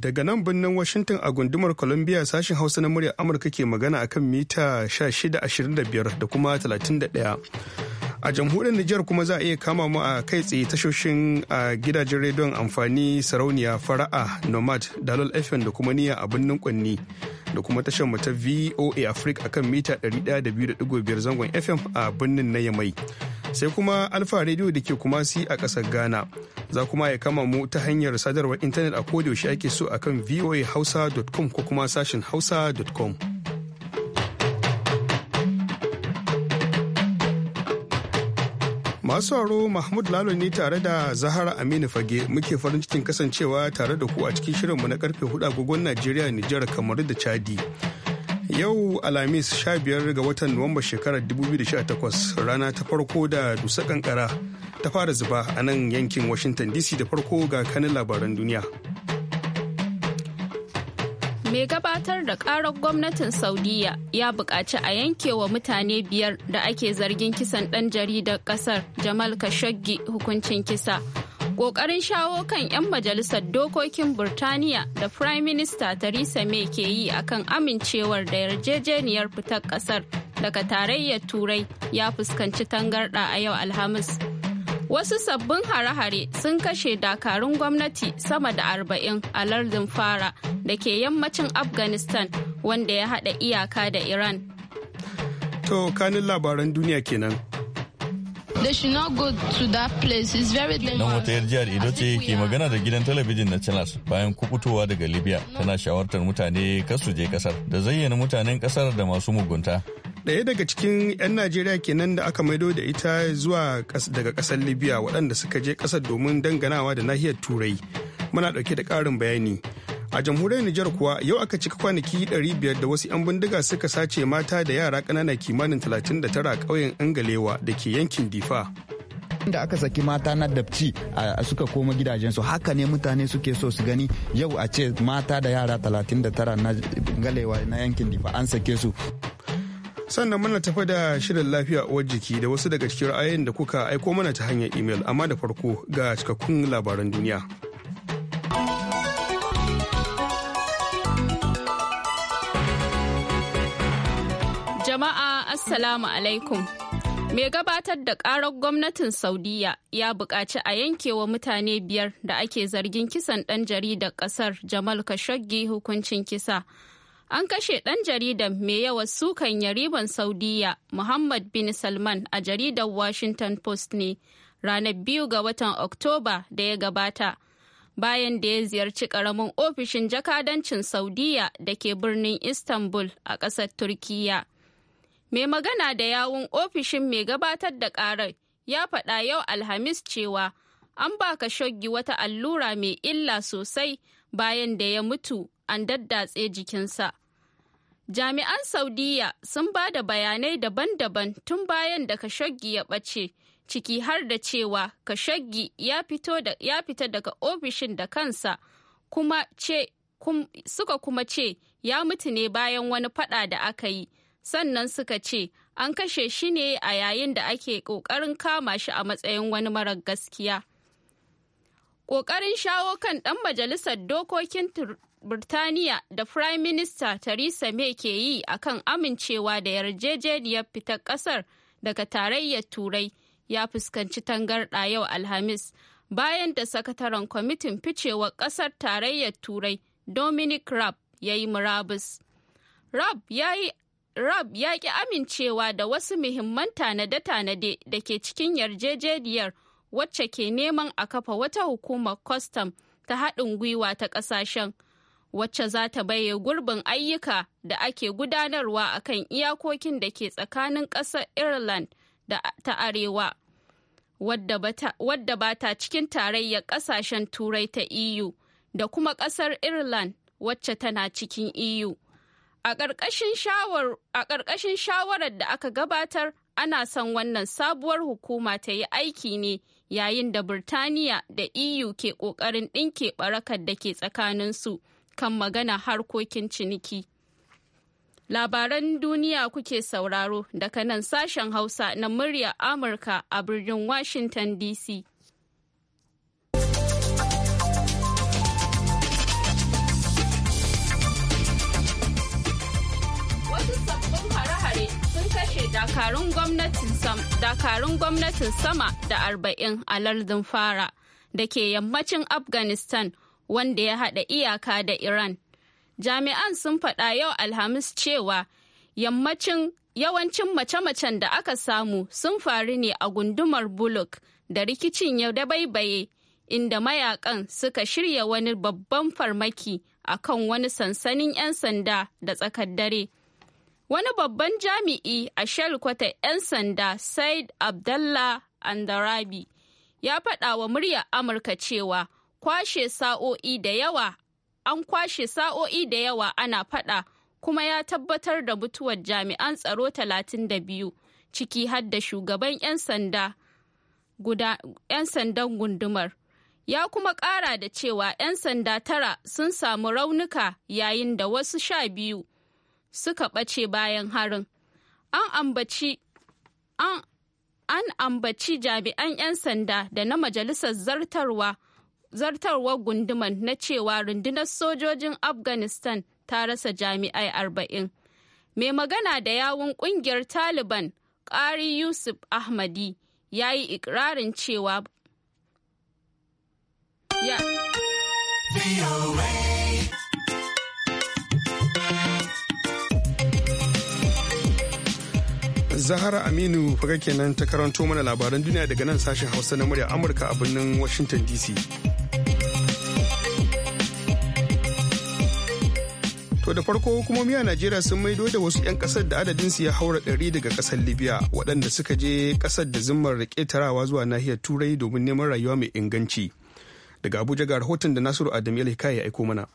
Daga nan birnin Washington a gundumar Columbia sashen Hausa na muryar Amurka ke magana akan mita 1625 da kuma 31. A jamhuriyar Nijar kuma za a iya kama mu a kai tsaye tashoshin a gidajen rediyon amfani sarauniya fara'a nomad dalol fm da kuma niyya a birnin kwanni da kuma tashar mata VOA Africa akan mita 102.5 zangon FM a birnin na Yamai. sai kuma alfa radio da ke kuma si a ƙasar ghana za kuma ya kama mu ta hanyar sadarwar intanet a kodayaushe ake so a akan voahausa.com ko kuma sashin hausa.com masu sauraro mahmud lalo ne tare da zahara aminu fage muke farin cikin kasancewa tare da ku a cikin shirinmu na karfe hudu agogon najeriya nijar kamaru da chadi Yau Alhamis 15 ga watan Nuwamba shekarar 2018 rana ta farko da dusa kankara ta fara zuba a nan yankin Washington DC da farko ga kanin labaran duniya. Mai gabatar da karar gwamnatin Saudiya ya buƙaci a yankewa mutane biyar da ake zargin kisan ɗan jaridar ƙasar Jamal Khashoggi hukuncin kisa. Ƙoƙarin shawo kan 'yan majalisar dokokin Burtaniya da Prime Minister Theresa May ke yi akan amincewar da yarjejeniyar fitar ƙasar daga tarayyar Turai ya fuskanci tangarɗa a yau Alhamis. Wasu sabbin hare-hare sun kashe dakarun gwamnati sama da arba'in a lardin fara da ke yammacin Afghanistan wanda ya haɗa iyaka da Iran. To kanin labaran duniya kenan. Nan wata yar jihar Edo ce ke magana da gidan talabijin na Channels bayan kukutowa daga Libya tana shawartar mutane kar je kasar da zayyana mutanen kasar da masu mugunta. daya daga cikin 'yan Najeriya kenan da aka maido da ita zuwa daga kasar Libya waɗanda suka je kasar domin danganawa da nahiyar Turai. Muna ɗauke da ƙarin bayani. a jamhuriyar Nijar kuwa yau aka cika kwanaki 500 da wasu 'yan bindiga suka sace mata da yara ƙanana kimanin 39 a ƙauyen Angalewa da ke yankin Difa. da aka saki mata na dabci suka koma gidajensu haka ne mutane suke so su gani yau a ce mata da yara 39 na galewa na yankin difa an sake su sannan muna tafi da shirin lafiya uwar jiki da wasu daga cikin ra'ayoyin da kuka aiko mana ta hanyar imel amma da farko ga cikakkun labaran duniya. Assalamu alaikum. Mai gabatar da ƙarar gwamnatin saudiyya ya buƙaci a yankewa mutane biyar da ake zargin kisan ɗan jaridar ƙasar Jamal Khashoggi hukuncin kisa. An kashe ɗan jaridar mai yawa sukan yariban saudiyya Muhammad bin Salman a jaridar Washington Post ne ranar biyu ga watan Oktoba da ya gabata. bayan da ya ziyarci ƙaramin ofishin jakadancin saudiyya da ke birnin istanbul a ƙasar turkiyya. mai magana da yawun ofishin mai gabatar da karar ya faɗa yau alhamis cewa an ba ka shoggi wata allura mai illa sosai bayan da ya mutu an daddatse jikinsa jami'an saudiya sun ba da bayanai daban-daban tun bayan da kashoggi ya ɓace ciki har da cewa kashoggi ya fita daga ofishin da kansa kuma ce kum, suka kuma ce ya mutu ne bayan wani faɗa da aka yi sannan suka ce an kashe shi ne a yayin da ake ƙoƙarin kama shi a matsayin wani marar gaskiya. Ƙoƙarin shawo kan ɗan majalisar dokokin Birtaniya da Firayim Minista Theresa May ke yi a kan amincewa da yarjejeniyar fitar ƙasar daga tarayyar Turai ya fuskanci tangarɗa yau Alhamis bayan da sakataren kwamitin ficewar ƙasar tarayyar Turai Dominic Raab ya yi murabus. rab ya yi Rab ya ƙi amincewa da wasu muhimman tanade-tanade da ke cikin yarjejeniyar wacce ke neman a kafa wata hukumar kwastam ta haɗin gwiwa ta ƙasashen wacce za ta baye gurbin ayyuka da ake gudanarwa a kan iyakokin da ke tsakanin ƙasar Ireland da ta Arewa, wadda ba ta cikin tarayyar ƙasashen Turai ta EU da kuma ƙasar Ireland wacce tana cikin EU. A ƙarƙashin shawarar da aka gabatar, ana son wannan sabuwar hukuma ta yi aiki ne yayin da Birtaniya da EU ke ƙoƙarin ɗinke ɓarakar da ke tsakaninsu kan magana harkokin ciniki. Labaran duniya kuke sauraro daga nan sashen Hausa na murya Amurka a birnin Washington DC. dakarun gwamnatin sama da arba'in a lardin fara da ke yammacin afghanistan wanda ya haɗa iyaka da iran jami'an sun faɗa yau alhamis cewa yammacin yawancin mace-macen da aka samu sun faru ne a gundumar buluk da rikicin ya dabaibaye inda mayakan suka shirya wani babban farmaki a kan wani sansanin 'yan sanda da tsakar dare Wani babban jami'i a shelkwata 'yan sanda Said Abdallah Andarabi ya faɗa wa muryar Amurka cewa kwashe sa'o'i da yawa an kwashe sa'o'i da yawa ana faɗa kuma ya tabbatar da mutuwar jami'an tsaro 32 ciki har da shugaban 'yan sanda sandan gundumar. Ya kuma ƙara da cewa 'yan sanda tara sun samu raunuka yayin da wasu sha biyu suka ɓace bayan harin. An ambaci jami'an 'yan sanda da na majalisar zartarwa zartarwar gunduman na cewa rundunar sojojin afghanistan ta rasa jami'ai arba'in mai magana da yawun kungiyar taliban ƙari yusuf ahmadi ya yi ikirarin cewa yeah. Zahara Aminu faga kenan ta karanto mana labaran duniya daga nan sashen Hausa na murya Amurka a birnin Washington DC. To da farko hukumomi a Najeriya sun maido da wasu 'yan kasar da adadinsu ya haura ɗari daga ƙasar Libya waɗanda suka je ƙasar da zimmar tarawa zuwa nahiyar Turai domin neman rayuwa mai inganci. Daga Abuja ga rahoton da Nasiru Adam ya aiko mana.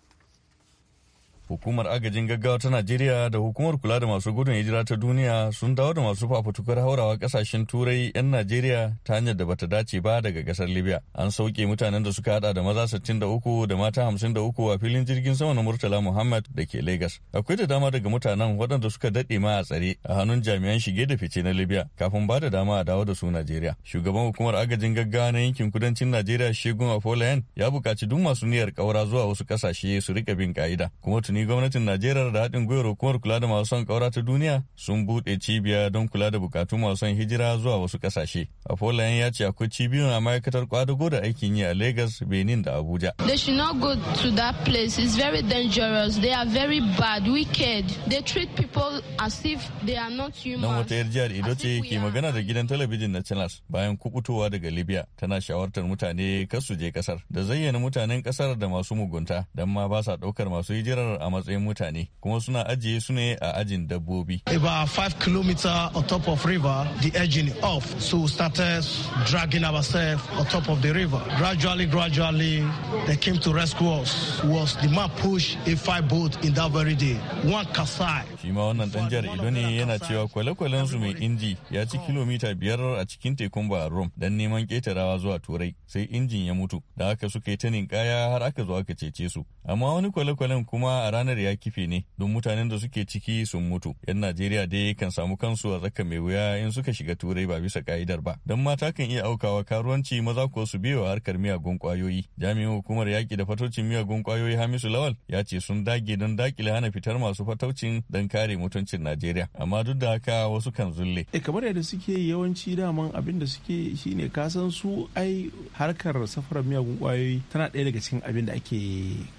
Hukumar agajin gaggawa ta Najeriya da hukumar kula da masu gudun hijira ta duniya sun dawo da masu fafutukar haurawa kasashen turai 'yan Najeriya ta hanyar da bata dace ba daga kasar Libya. An sauke mutanen da suka hada da maza 63 da mata 53 a filin jirgin sama na Murtala Muhammad da ke Lagos. Akwai da dama daga mutanen waɗanda suka daɗe ma a tsare a hannun jami'an shige da fice na Libya kafin ba da dama a dawo da su Najeriya. Shugaban hukumar agajin gaggawa na yankin kudancin Najeriya Shegun Afolayan ya buƙaci duk masu niyyar ƙaura zuwa wasu ƙasashe su rika bin ka'ida kuma tuni tuni gwamnatin najeriya da haɗin gwiwar hukumar kula da masu son ƙaura ta duniya sun buɗe cibiya don kula da bukatun masu son hijira zuwa wasu ƙasashe afolayan ya ce akwai cibiyar a ma'aikatar kwadago da aikin yi a lagos benin da abuja they should not go to that place it's very dangerous they are very bad wicked they treat people as if they are not human nan wata yarjiyar ido ce ke magana da gidan talabijin na channels bayan kubutowa daga libya tana shawartar mutane kar su je kasar da zayyana mutanen kasar da masu mugunta don ma ba sa ɗaukar masu hijirar a matsayin mutane kuma suna ajiye su ne a ajin dabbobi. About 5 km on top of river, the engine off, so started dragging ourselves on top of the river. Gradually, gradually, they came to rescue us. Was the man push a five boat in that very day, one kasai. Shi ma wannan dan jihar Ido ne yana cewa kwale-kwalen su mai inji ya ci kilomita biyar a cikin tekun Bahrain dan neman ketarawa zuwa Turai sai injin ya mutu da haka suka yi ta ninkaya har aka zo aka cece su. Amma wani kwale-kwalen kuma a ranar ya kife ne don mutanen da suke ciki sun mutu. 'Yan Najeriya dai kan samu kansu a tsaka mai wuya in suka shiga turai ba bisa ka'idar ba. Don mata kan iya aukawa karuwanci maza kuwa su biyo harkar miyagun kwayoyi. Jami'in hukumar yaƙi da fatocin miyagun kwayoyi Hamisu Lawal ya ce sun dage don dakile hana fitar masu fataucin don kare mutuncin Najeriya. Amma duk da haka wasu kan zulle. E kamar yadda suke yawanci daman abin da suke shine kasan su ai harkar safarar miyagun kwayoyi tana ɗaya daga cikin abin da ake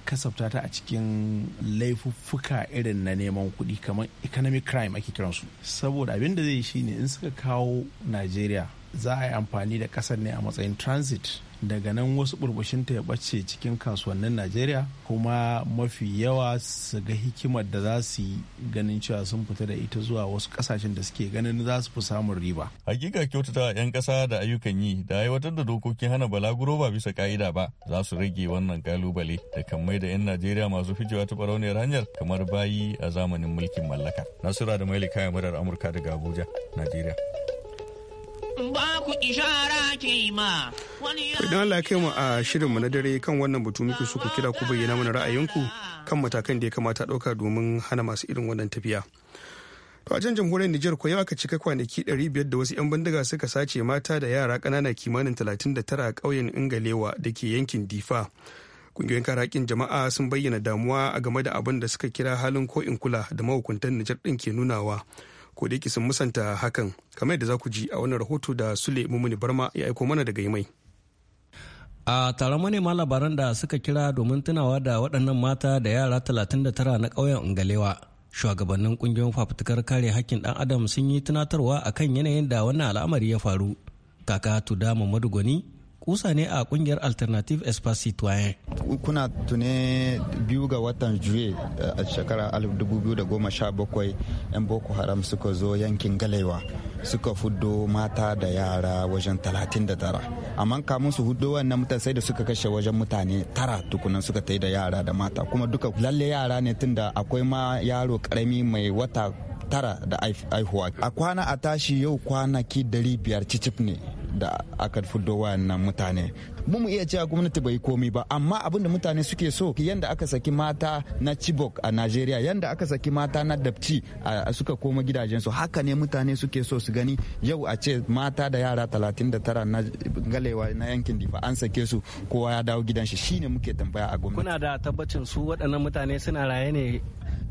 kasafta ta a cikin laifuffuka irin na neman kuɗi kamar economic crime ake kiransu saboda abin da zai shi ne in suka kawo najeriya za a yi amfani da ƙasar ne a matsayin transit daga nan wasu burbushinta ya ɓace cikin kasuwannin najeriya kuma mafi yawa su ga hikimar da za su yi ganin cewa sun fita da ita zuwa wasu kasashen da suke ganin za su fi samun riba hakika kyautata 'yan ƙasa da ayyukan yi da aiwatar da dokokin hana balaguro ba bisa ka'ida ba za su rage wannan kalubale da kan mai da 'yan najeriya masu fijewa ta barauniyar hanyar kamar bayi a zamanin mulkin mallaka nasiru da mailika ya murar amurka daga abuja najeriya ba ku ishara ke Idan Allah kai mu a shirinmu na dare kan wannan batu muke so ku kira ku bayyana mana ra'ayinku kan matakan da ya kamata ɗauka domin hana masu irin wannan tafiya. To a can jamhuriyar Nijar ko aka cika kwanaki biyar da wasu 'yan bindiga suka sace mata da yara ƙanana kimanin talatin da tara a ƙauyen Ingalewa da ke yankin Difa. kungiyoyin kare jama'a sun bayyana damuwa a game da abin da suka kira halin ko in kula da mahukuntan Nijar ɗin ke nunawa ko da sun musanta hakan kamar yadda za ku ji a wannan rahoto da sule mumuni barma ya aiko mana daga yamai a taron manema labaran da suka kira domin tunawa da waɗannan mata da yara 39 na ƙauyen ungalewa shugabannin ƙungiyoyin fafutukar kare hakkin ɗan adam sun yi tunatarwa akan yanayin da wannan al'amari ya faru kaka tuda mamadu gwani kusa ne a kungiyar alternative espace citoyen kuna tune biyu ga watan juye eh, a shekara 2017 'yan boko haram suka zo yankin galewa suka fuddo mata da yara wajen 39 amma kamun su hudu wannan mutan sai da suka kashe wajen mutane tara tukunan suka ta da yara da mata kuma duka lalle yara ne tunda akwai ma yaro karami mai wata tara da aihuwa a kwana a tashi yau kwanaki 500 cicif ne da aka fuddo wayannan mutane mu mu iya cewa gwamnati bai komi ba amma abin da mutane suke so yanda aka saki mata na chibok a najeriya yanda aka saki mata na dabci suka koma gidajensu haka ne mutane suke so su gani yau a ce mata da yara 39 na galewa na yankin difa an sake su kowa ya dawo gidan shi shine muke tambaya a gwamnati kuna da tabbacin su waɗannan mutane suna raye ne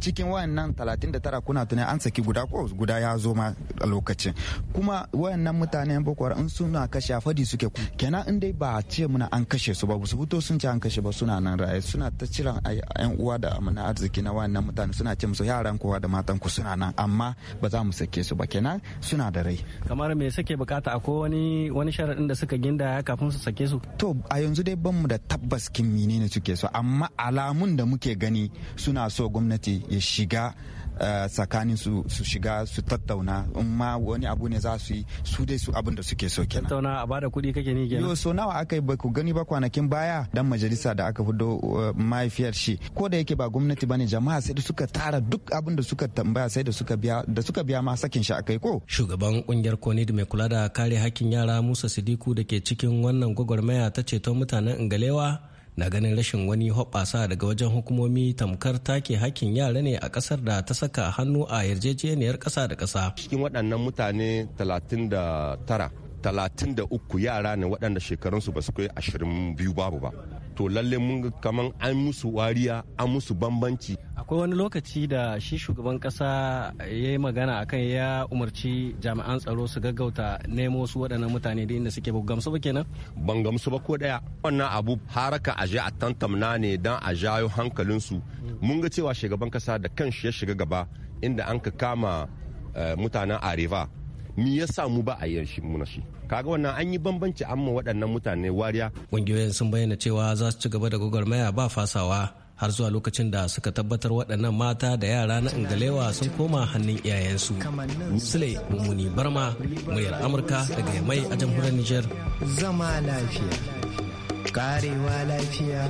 cikin wayannan 39 kuna tunai an saki guda ko guda ya zo ma a lokacin kuma wayannan mutane boko haram in suna kashe fadi suke ku kenan in dai ba a ce muna an kashe su ba su fito sun ce an kashe ba suna nan raye suna ta ciran yan uwa da amana arziki na wayannan mutane suna ce musu yaran kowa da matan ku suna nan amma ba za mu sake su ba kenan suna da rai kamar me suke bukata akwai wani wani sharadin da suka ginda kafin su sake su to a yanzu dai ban mu da tabbas kin menene suke so amma alamun da muke gani suna so gwamnati ya shiga eh, tsakanin su shiga su tattauna in ma wani abu ne za su yi su dai su abin da suke so kenan tattauna a bada kuɗi kake ni kenan yo so nawa aka yi ku gani ba kwanakin baya dan majalisa da aka fi eh, mahaifiyar shi ko da yake ba gwamnati bane jama'a sai da suka tara duk abin da suka tambaya sai da suka biya da suka biya ma sakin shi akai ko shugaban kungiyar konid mai kula da kare hakkin yara Musa Sidiku da ke cikin wannan gwagwarmaya ta ceton mutanen Ingalewa na ganin rashin wani hoɓasa daga wajen hukumomi tamkar take hakkin yara ne a ƙasar da ta saka hannu a yarjejeniyar ƙasa da ƙasa. Cikin waɗannan mutane 39 talatin da uku yara ne waɗanda shekarunsu ba su kai ashirin biyu babu ba to lalle mun kaman an musu wariya an musu bambanci akwai wani lokaci da shi shugaban kasa ya yi magana akan ya umarci jami'an tsaro su gaggauta nemo su waɗannan mutane da inda suke ba gamsu ba kenan ban gamsu ba ko daya wannan abu haraka aje a tantamna ne dan a jayo hankalinsu mun ga cewa shugaban kasa da shi ya shiga gaba inda an ka kama eh, mutanen areva mi yasa mu ba a yi shi muna shi kaga wannan an yi bambanci amma waɗannan mutane wariya ƙungiyoyin sun bayyana cewa za su ci gaba da gwagwarmaya ba fasawa har zuwa lokacin da suka tabbatar waɗannan mata da yara na ingalewa sun koma hannun iyayensu sule mummuni barma muryar amurka daga mai a jamhuriyar niger zama lafiya karewa lafiya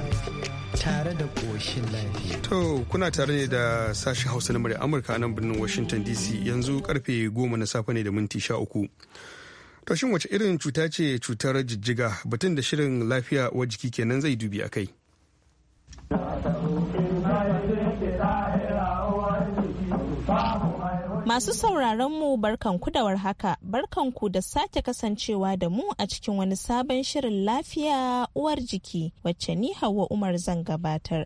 tare da ƙoshin lafiya. To kuna tare ne da sashen Hausa na murya Amurka a nan birnin Washington DC yanzu karfe goma na safe ne da minti sha uku. To shin wace irin cuta ce cutar jijjiga batun da shirin lafiya wa jiki kenan zai dubi a kai. Masu sauraron mu barkanku da warhaka, barkanku da sake kasancewa da mu a cikin wani sabon shirin lafiya uwar jiki wacce ni Hauwa Umar zan gabatar.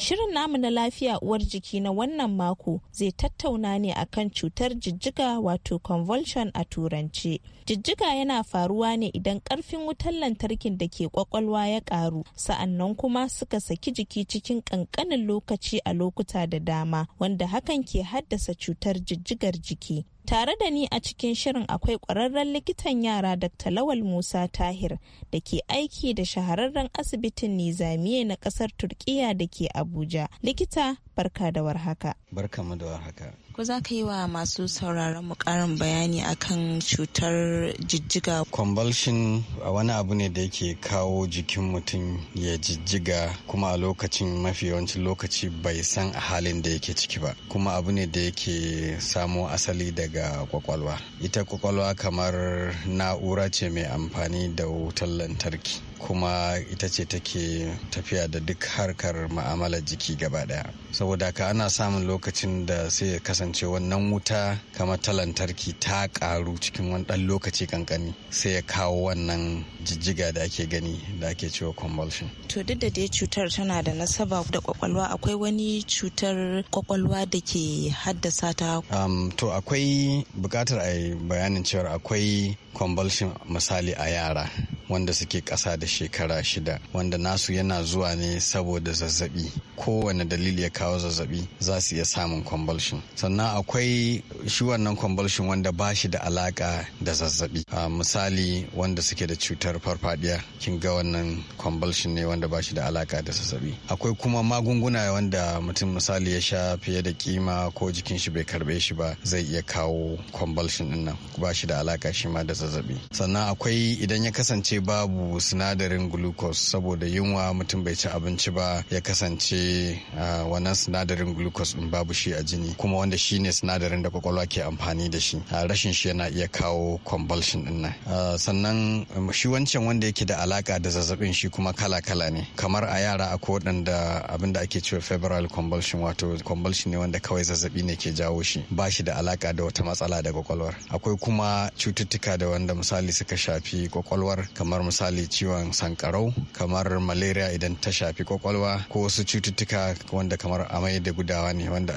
Shirin namu na lafiya uwar jiki na wannan mako zai tattauna ne akan cutar jijjiga wato convulsion a turance. Jijjiga yana faruwa ne idan karfin wutar lantarkin da ke kwakwalwa ya karu sa'annan kuma suka saki jiki cikin kankanin lokaci a lokuta da dama wanda hakan ke haddasa cutar jijjigar jiki. Tare da ni a cikin shirin akwai ƙwararren likitan yara Dr. Lawal Musa Tahir da ke aiki da shahararren asibitin Nizamiye na ƙasar Turkiya da ke Abuja. Likita barka da warhaka. Barka da warhaka. ko za ka yi wa masu sauraron mu karin bayani akan cutar jijjiga convulsion wani abu ne da yake kawo jikin mutum ya jijjiga kuma a lokacin mafi yawancin lokaci bai san a halin da yake ciki ba kuma abu ne da yake samo asali daga kwakwalwa ita kwakwalwa kamar na'ura ce mai amfani da wutar lantarki kuma ita ce take tafiya da duk harkar ma'amalar jiki gaba daya saboda haka ana samun lokacin da sai ya kasance wannan wuta kamar ta lantarki ta karu cikin wani dan lokaci kankani sai ya kawo wannan jijjiga da ake gani da ake cewa convulsion to duk da dai cutar tana da nasaba da kwakwalwa akwai wani cutar kwakwalwa da ke haddasa ta to akwai bukatar a bayanin cewa akwai convulsion misali a yara wanda suke ƙasa da shekara shida wanda nasu yana zuwa ne saboda zazzabi kowane dalili ya kawo zazzabi za su iya samun convulsion sannan akwai shi wannan convulsion wanda ba shi da alaka da zazzabi a ah, misali wanda suke da cutar farfadiya kin ga wannan convulsion ne wanda ba shi da alaka da zazzabi akwai kuma magunguna wanda mutum misali ya sha fiye da kima ko jikin shi bai karbe shi ba zai iya kawo convulsion din nan ba shi da alaka shi ma da zazzabi sannan akwai idan ya kasance babu sinadarin glucose saboda yunwa mutum bai ci abinci ba ya kasance wannan sinadarin glucose din babu shi a jini kuma wanda shi ne sinadarin da kwakwalwa ke amfani da shi rashin shi yana iya kawo convulsion din nan sannan um, shi wancan wanda yake da alaka da zazzabin shi kuma kala-kala ne kamar a yara akwai waɗanda abin da ake cewa febrile convulsion wato convulsion ne wanda kawai zazzabi ne ke jawo shi ba shi da alaka da wata matsala da kwakwalwar akwai kuma cututtuka da wanda misali suka shafi kwakwalwar kamar misali ciwon sankarau kamar malaria idan ta shafi kwakwalwa ko wasu cututtuka wanda kamar amai da gudawa ne wanda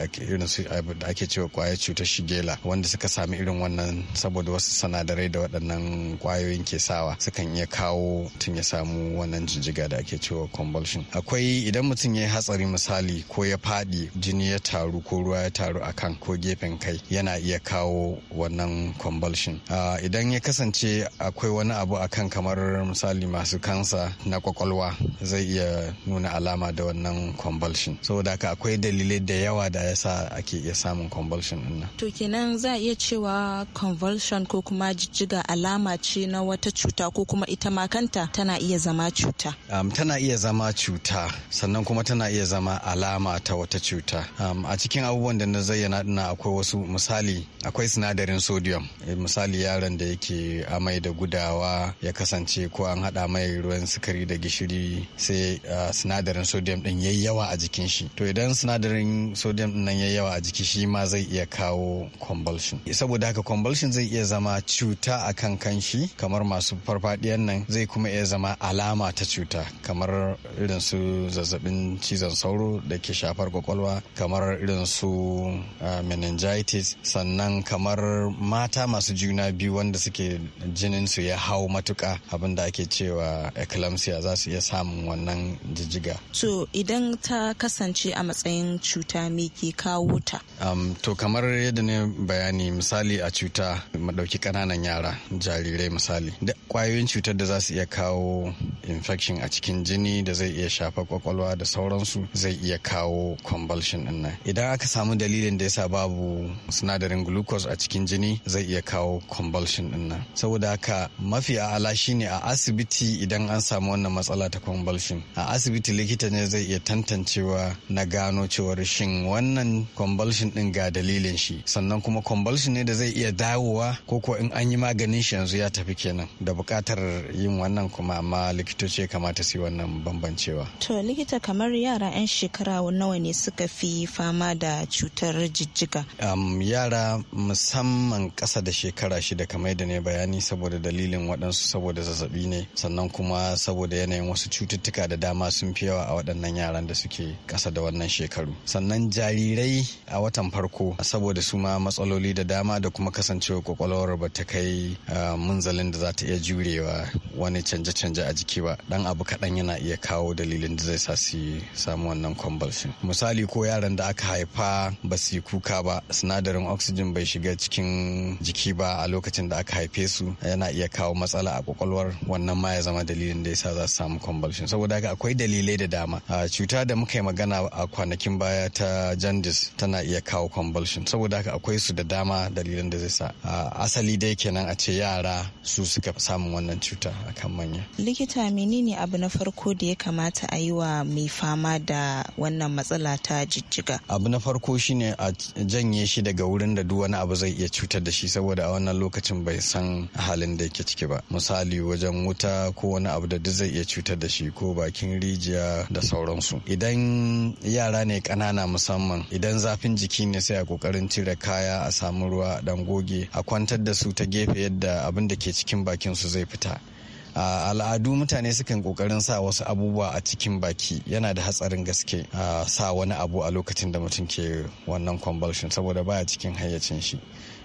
ake cewa kwayar cutar shigela wanda suka sami irin wannan saboda wasu sanadarai da waɗannan kwayoyin ke sawa sukan iya kawo mutum ya samu wannan jijjiga da ake cewa convulsion akwai idan mutum ya yi hatsari misali ko ya faɗi jini ya taru ko ruwa ya taru a kan ko gefen kai yana iya kawo wannan convulsion ah, idan ya kasance akwai wani abu akan kamar kamar misali masu kansa na kwakwalwa zai iya nuna alama da wannan convulsion saboda haka akwai dalilai da yawa da yasa ake iya samun convulsion din nan to kenan za a iya cewa convulsion ko kuma jijjiga alama ce na wata cuta ko kuma ita ma kanta tana iya zama cuta um, tana iya zama cuta sannan kuma tana iya zama alama ta wata cuta um, a cikin abubuwan da na zayyana dina akwai wasu misali akwai sinadarin sodium eh, misali yaron da yake amai da gudawa ya kasance ce ko an hada mai ruwan sukari da gishiri sai sinadarin sodium din yayi yawa a jikin shi to idan sinadarin sodium din nan yayi yawa a jiki shi ma zai iya kawo convulsion saboda haka convulsion zai iya zama cuta a kan kanshi kamar masu farfadiyan nan zai kuma iya zama alama ta cuta kamar irin su zazzabin cizon sauro da ke shafar kwakwalwa kamar irin su meningitis sannan kamar mata masu juna biyu wanda suke jinin su ya hau matuka a abin da ake cewa eclampsia za su iya samun wannan jijjiga to idan ta kasance a matsayin cuta me ke kawo ta um, to kamar yadda ne bayani misali a cuta mu ɗauki ƙananan yara jarirai misali da cutar da za su iya kawo infection a cikin jini da zai iya shafa kwakwalwa da sauransu zai iya kawo convulsion din nan idan aka samu dalilin da yasa babu sinadarin glucose a cikin jini zai iya kawo convulsion din nan saboda haka mafi a'ala shine a asibiti idan an samu wannan matsala ta convulsion a asibiti likita ne zai iya tantancewa na gano cewar shin wannan convulsion din ga dalilin shi sannan kuma convulsion ne da zai iya dawowa ko ko in an yi maganin shi yanzu ya tafi kenan da buƙatar yin wannan kuma amma likita likitoci ya kamata su yi wannan bambancewa to likita kamar yara 'yan shekara nawa ne suka fi fama da cutar jijjiga um, yara musamman ƙasa da shekara shida kamar da ne bayani saboda dalilin waɗansu saboda zazzabi ne sannan kuma saboda yanayin wasu cututtuka da dama sun fi yawa a waɗannan yaran da suke ƙasa da wannan shekaru sannan jarirai a watan farko saboda su ma matsaloli da dama da kuma kasancewa kwakwalwar ba ta kai ah, munzalin da za ta iya jurewa wani canje-canje a jiki ba dan abu kaɗan yana iya kawo dalilin da zai sa su samu wannan convulsion misali ko yaran da aka haifa ba su kuka ba sinadarin oxygen bai shiga cikin jiki ba a lokacin da aka haife su yana iya kawo matsala a kwakwalwar wannan ma ya zama dalilin da yasa za su samu convulsion saboda haka akwai dalilai da dama a cuta da muka yi magana a kwanakin baya ta jaundice tana iya kawo convulsion saboda haka akwai su da dama dalilan da zai sa asali dai kenan a ce yara su suka samun wannan cuta akan manya likita menene abu na farko da ya kamata a yi wa mai fama da wannan matsala ta jijjiga abu na farko shine a janye shi daga wurin da duk wani abu zai iya cutar da shi saboda a wannan lokacin bai san halin da yake ciki ba misali wajen wuta ko wani abu da duk zai iya cutar da shi ko bakin rijiya da sauransu idan yara ne kanana musamman idan zafin jiki ne sai a kokarin cire kaya a samu ruwa dan goge a kwantar da su ta gefe yadda abin da ke cikin bakin su zai fita A al'adu mutane sukan kokarin sa wasu abubuwa a cikin baki yana da hatsarin gaske sa wani abu a lokacin da mutum ke wannan convulsion saboda baya cikin hayyacin shi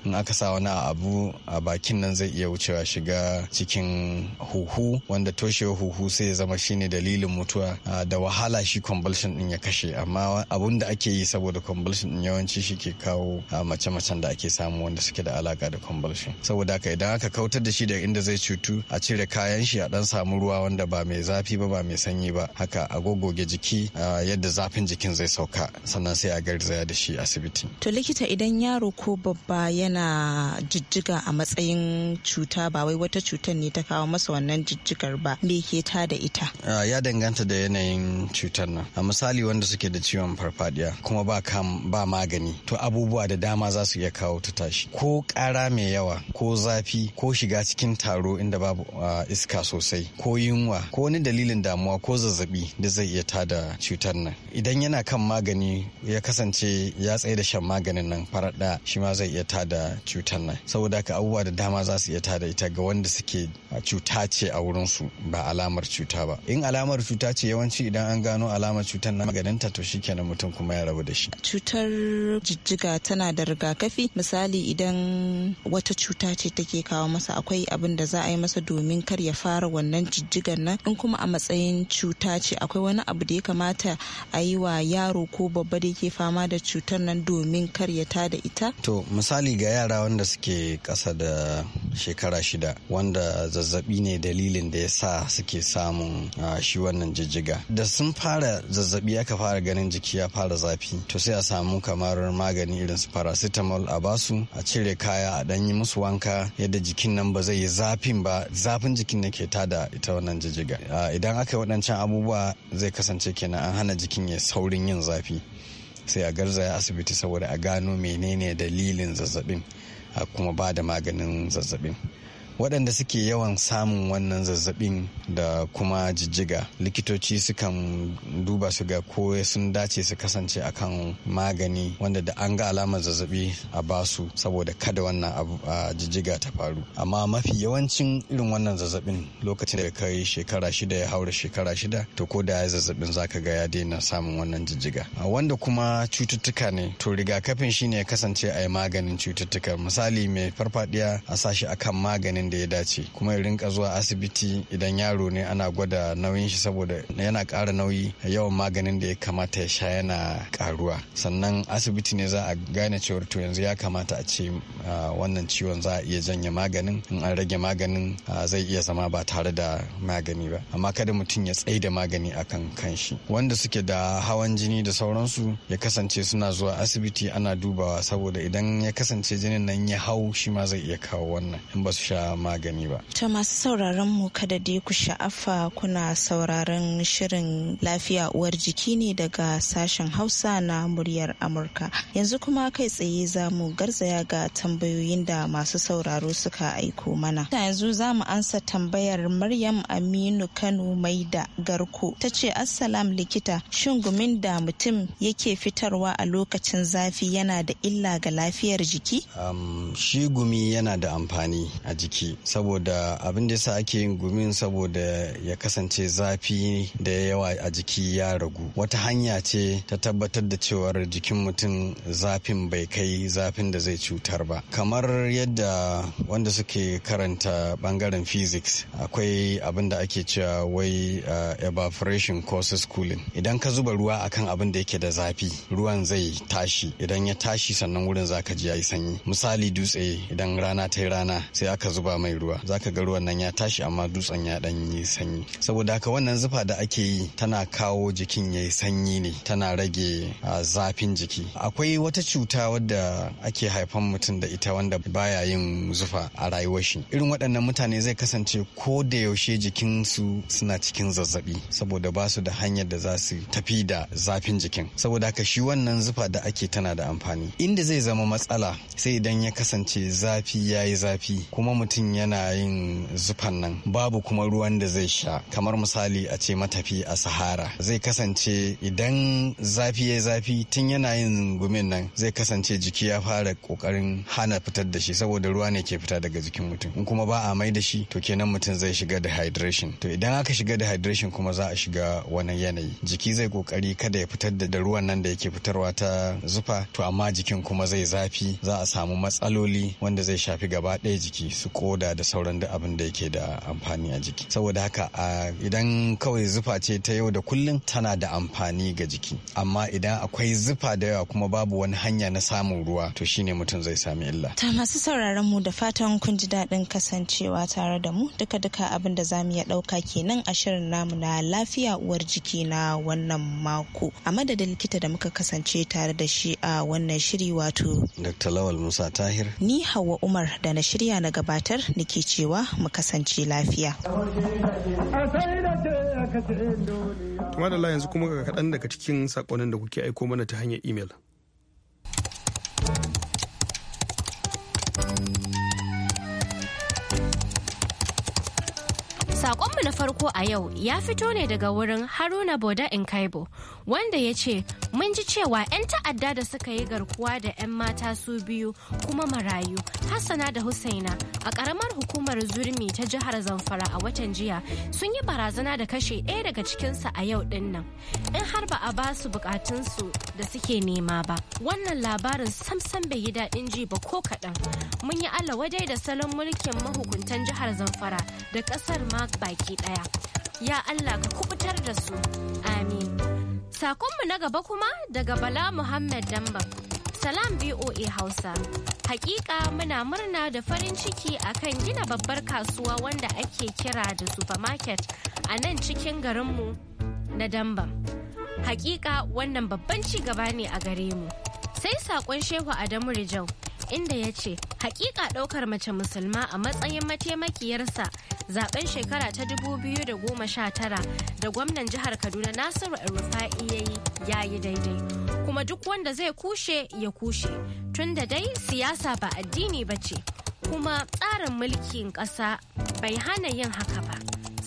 in aka sa wani abu a bakin nan zai iya wucewa shiga cikin huhu wanda toshewa huhu sai ya zama shine dalilin mutuwa da wahala shi convulsion din ya kashe amma abun da ake yi saboda convulsion din yawanci shi ke kawo mace-macen da ake samu wanda suke da alaka da convulsion saboda haka idan aka kautar da shi da inda zai cutu a cire kayan shi a dan samu ruwa wanda ba mai zafi ba ba mai sanyi ba haka a gogoge jiki yadda zafin jikin zai sauka sannan sai a garzaya da shi asibiti to likita idan yaro ko babba yana Ana jijjiga a matsayin cuta ba wai wata cutar ne ta kawo masa wannan jijjigar ba me ke ta da ita ah, ya danganta da yanayin cutar nan a misali wanda suke da ciwon farfadiya kuma ba kam ba magani to abubuwa da dama za su iya kawo ta tashi ko ƙara mai yawa ko zafi ko shiga cikin taro inda babu ah, iska sosai ko yunwa ko wani dalilin damuwa ko zazzabi da zai iya tada cutar nan idan yana kan magani ya kasance ya tsaye da shan maganin nan farar shi ma zai iya tada da cutar nan saboda ka abubuwa da dama za su iya tada ita ga wanda suke cuta ce a wurinsu ba alamar cuta ba in alamar cuta ce yawanci idan an gano alamar cutar nan maganinta to shikenan mutum kuma ya rabu da shi cutar jijjiga tana da rigakafi misali idan wata cuta ce take kawo masa akwai abin da za a yi masa domin kar ya fara wannan jijjigan nan in kuma a matsayin cuta ce akwai wani abu da ya kamata a yi wa yaro ko babba da yake fama da cutar nan domin kar ya tada ita to misali ga ga yara wanda suke kasa da shekara shida wanda zazzabi ne dalilin da ya sa suke samun shi wannan jijjiga da sun fara zazzabi aka fara ganin jiki ya fara zafi to sai a samu kamar magani irin su paracetamol a basu a cire kaya a ɗanyi musu wanka yadda jikin nan ba zai yi zafin ba zafin jikin ne ke tada ita wannan jijjiga idan aka yi waɗancan abubuwa zai kasance kenan an hana jikin ya saurin yin zafi sai a garzaya asibiti saboda a gano menene dalilin zazzabin a kuma ba da maganin zazzabin waɗanda suke yawan samun wannan zazzabin da kuma jijjiga likitoci sukan duba su ga ko sun dace su kasance akan magani wanda da an ga alamar zazzabi a basu saboda kada wannan a jijjiga ta faru amma mafi yawancin irin wannan zazzabin lokacin da kai shekara shida ya haura shekara shida to ko da ya zazzabin zaka ga ya daina samun wannan jijjiga wanda kuma cututtuka ne to rigakafin shine ya kasance a yi maganin cututtuka misali mai farfadiya a sashi akan maganin lokacin da ya dace kuma ya rinka zuwa asibiti idan yaro ne ana gwada nauyin shi saboda yana ƙara nauyi yawan maganin da ya kamata ya sha yana ƙaruwa sannan asibiti ne za a gane cewar to yanzu ya kamata a ce wannan ciwon za a iya janye maganin in an rage maganin zai iya zama ba tare da magani ba amma kada mutum ya tsaye da magani akan kanshi wanda suke da hawan jini da sauransu ya kasance suna zuwa asibiti ana dubawa saboda idan ya kasance jinin nan ya hau shi ma zai iya kawo wannan in ba su sha magani ba. Ta masu sauraron mu kada dai ku sha'afa kuna sauraron shirin lafiya uwar jiki ne daga sashen Hausa na muryar Amurka. Yanzu kuma kai tsaye za mu garzaya ga tambayoyin da masu sauraro suka aiko mana. Yanzu za mu ansa tambayar Maryam Aminu Kano mai da Garko ta ce Assalam likita shin gumin da mutum yake fitarwa a lokacin zafi yana da illa ga lafiyar jiki? Um, shi gumi yana da amfani a jiki shi saboda abin da yasa ake yin gumin saboda ya kasance zafi da yawa a jiki ya ragu wata hanya ce ta tabbatar da cewar jikin mutum zafin bai kai zafin da zai cutar ba kamar yadda wanda suke karanta bangaren physics akwai abin da ake cewa wai eh, evaporation causes cooling idan ka zuba ruwa akan abin da yake da zafi ruwan zai tashi idan ya tashi sannan wurin zaka ji yi sanyi misali dutse idan rana ta yi rana sai aka zuba mai ruwa zaka ga ruwan nan ya tashi amma dutsen ya dan yi sanyi saboda haka wannan zufa da ake yi tana kawo jikin yayi sanyi ne tana rage zafin jiki akwai wata cuta wadda ake haifan mutum da ita wanda baya yin zufa a rayuwar shi irin waɗannan mutane zai kasance ko da yaushe jikin su suna cikin zazzabi saboda ba su da hanyar da za su tafi da zafin jikin saboda haka shi wannan zufa da ake tana da amfani inda zai zama matsala sai idan ya kasance zafi ya yi zafi kuma mutum mutum yana yin zufan nan babu kuma ruwan da zai sha kamar misali a ce matafi a sahara zai kasance idan zafi ya zafi tun yana yin gumin nan zai kasance jiki ya fara kokarin hana fitar da shi saboda ruwa ne ke fita daga jikin mutum in kuma ba a mai da shi to kenan mutum zai shiga hydration to idan aka shiga hydration kuma za a shiga wani yanayi jiki zai kokari kada ya fitar da ruwan nan da yake fitarwa ta zufa to amma jikin kuma zai zafi za a samu matsaloli wanda zai shafi gaba ɗaya jiki su ko koda da sauran duk abin da yake da amfani a jiki saboda haka idan kawai zufa ce ta yau da kullum tana da amfani ga jiki amma idan akwai zufa da yawa kuma babu wani hanya na samun ruwa to shine mutum zai sami illa ta masu sauraron mu da fatan kun ji daɗin kasancewa tare da mu duka duka abin da zamu iya ɗauka kenan a shirin namu na lafiya uwar jiki na wannan mako a madadin likita da muka kasance tare da shi a wannan shiri wato dr lawal musa tahir ni hawa umar da na shirya na gabatar Nijar nake cewa mu kasance lafiya. Tumadala yanzu kuma ga kaɗan daga cikin saƙonin da kuke aiko mana ta hanyar imel. Sakonmu na farko a yau ya fito ne daga wurin Haruna Boda Inkaibo wanda ya ce mun ji cewa 'yan ta'adda da suka yi garkuwa da 'yan mata su biyu kuma marayu Hassana da Husaina a ƙaramar hukumar zurmi ta jihar Zamfara a watan jiya sun yi barazana da kashe ɗaya daga cikinsu a yau ɗin nan in har ba a ba su bukatunsu da suke nema ba wannan labarin samsam bai yi daɗin ji ba ko kaɗan mun yi Allah wadai da salon mulkin mahukuntan jihar Zamfara da ƙasar ma baki ɗaya. Ya Allah ka kubutar da su, amin. Sakonmu na gaba kuma daga Bala Muhammad damba Salam BOA Hausa. Hakika muna murna da farin ciki akan gina babbar kasuwa wanda ake kira da supermarket a nan cikin garinmu na damba Hakika wannan babban ci gaba ne a gare mu. Sai saƙon Shehu Adamu Rijau. inda ya ce hakika ɗaukar mace musulma a matsayin mataimakiyarsa zaben shekara ta 2019 da gwamnan jihar kaduna nasiru rufa'i ya yi ya yi daidai kuma duk wanda zai kushe ya kushe tun da dai siyasa ba addini ba ce kuma tsarin mulkin ƙasa bai hana yin haka ba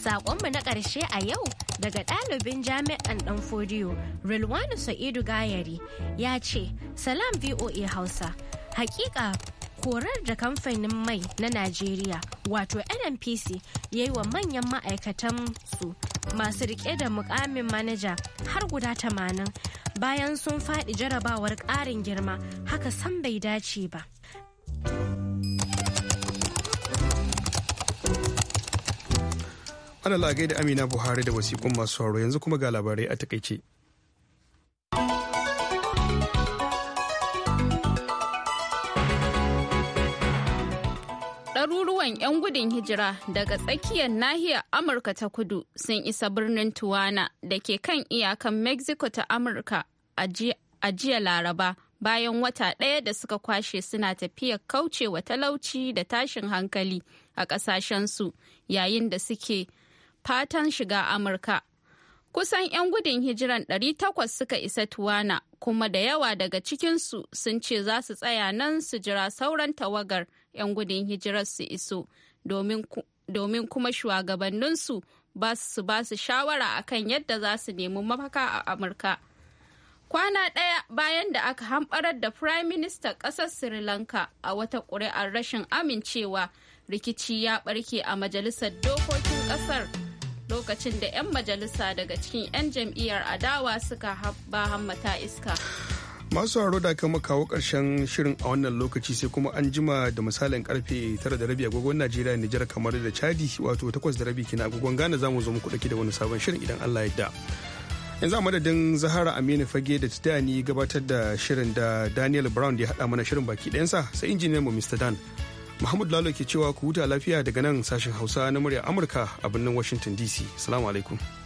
saƙonmu na ƙarshe a yau daga ɗalibin jami'an ɗan fodiyo rilwanu sa'idu gayari ya ce salam voa hausa hakika korar da kamfanin mai na najeriya wato nnpc ya yi wa manyan ma'aikatan su masu rike da mukamin manaja har guda tamanin bayan sun faɗi jarabawar ƙarin girma haka san bai dace ba lagai da Amina Buhari da wasiƙun masu horo yanzu kuma ga labarai a takaice. ɗaruruwan 'yan gudun hijira daga tsakiyar nahiyar Amurka ta kudu sun isa birnin Tuwana da ke kan iyakan Mexico ta Amurka a jiya Laraba bayan wata ɗaya da suka kwashe suna tafiyar kaucewa talauci da tashin hankali a ƙasashensu yayin da suke fatan shiga Amurka. Kusan 'yan gudun hijiran 800 suka isa Tuwana kuma da yawa daga cikinsu sun ce za su tsaya nan su jira sauran tawagar 'yan gudun hijirar su iso domin kuma shugabanninsu ba su ba su shawara akan yadda za su nemi mafaka a Amurka. Kwana ɗaya bayan da aka hamɓarar da prime minister ƙasar Sri Lanka a wata ƙuri'ar rashin amincewa rikici ya ɓarke a Majalisar Dokokin ƙasar. lokacin da 'yan majalisa daga cikin 'yan jam'iyyar adawa suka ba hammata iska. masu haro da kama kawo karshen shirin a wannan lokaci sai kuma an jima da misalin karfe 9:30 agogon najeriya nijar kamar da chadi wato 8:30 kina agogon ghana za mu zo muku dake da wani sabon shirin idan allah ya yanzu a madadin zahara aminu fage da titani gabatar da shirin da daniel brown da ya haɗa mana shirin baki ɗayansa sai injiniyan mu mr dan Muhammadu Lalo ke cewa ku huta lafiya daga nan sashen Hausa na murya Amurka a birnin Washington DC. Salamu alaikum.